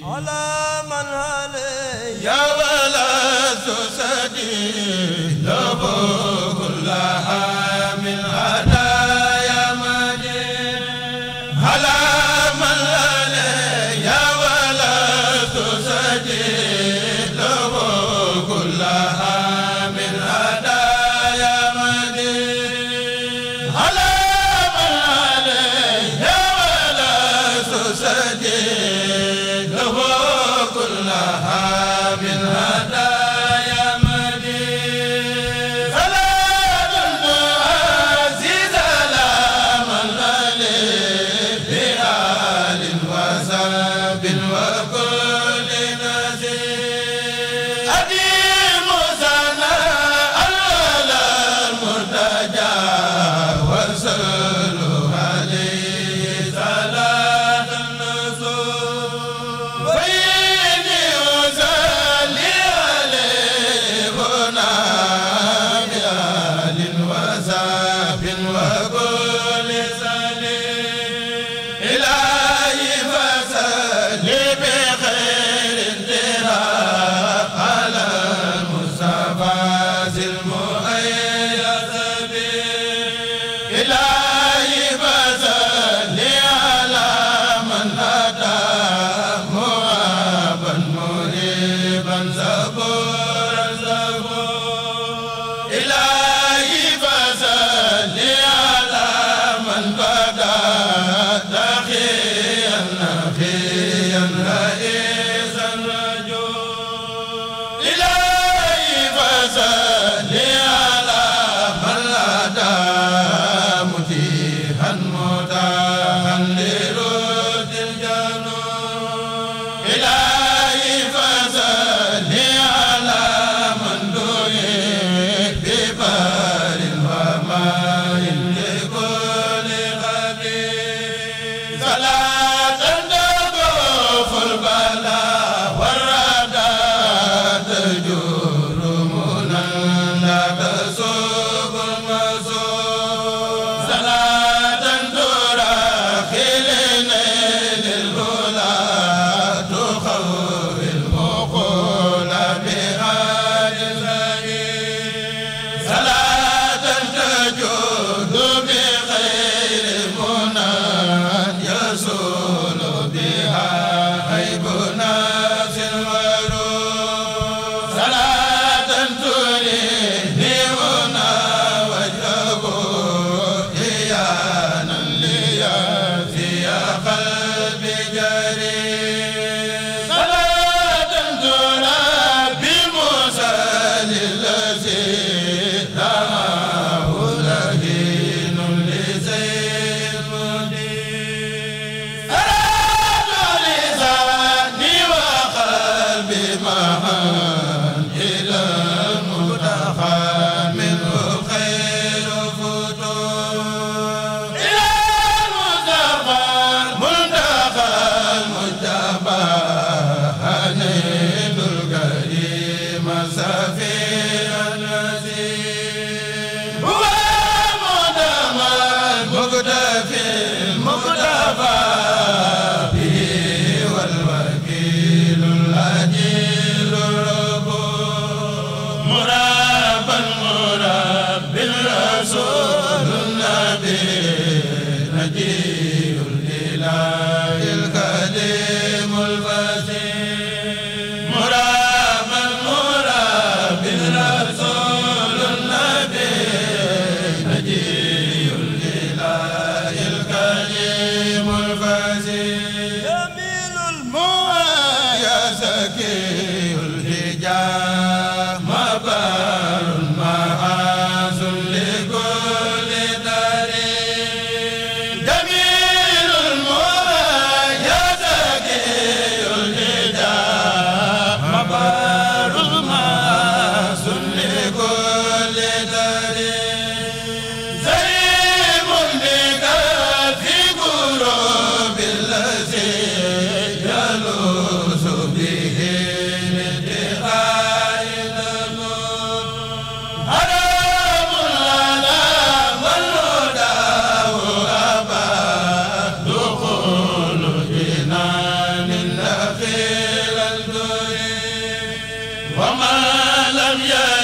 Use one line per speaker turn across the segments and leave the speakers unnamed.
على من عليه يا ولا سدي a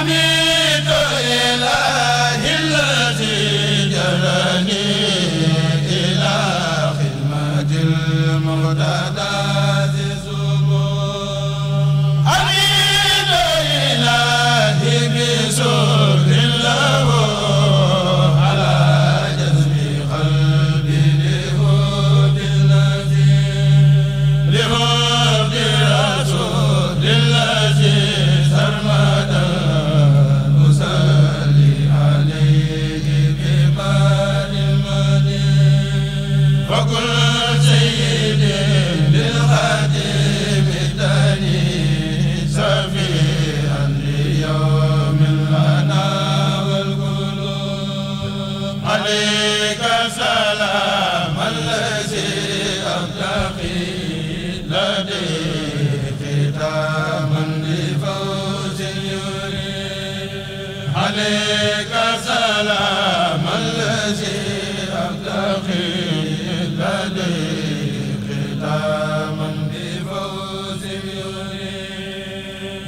amiin عليك سلام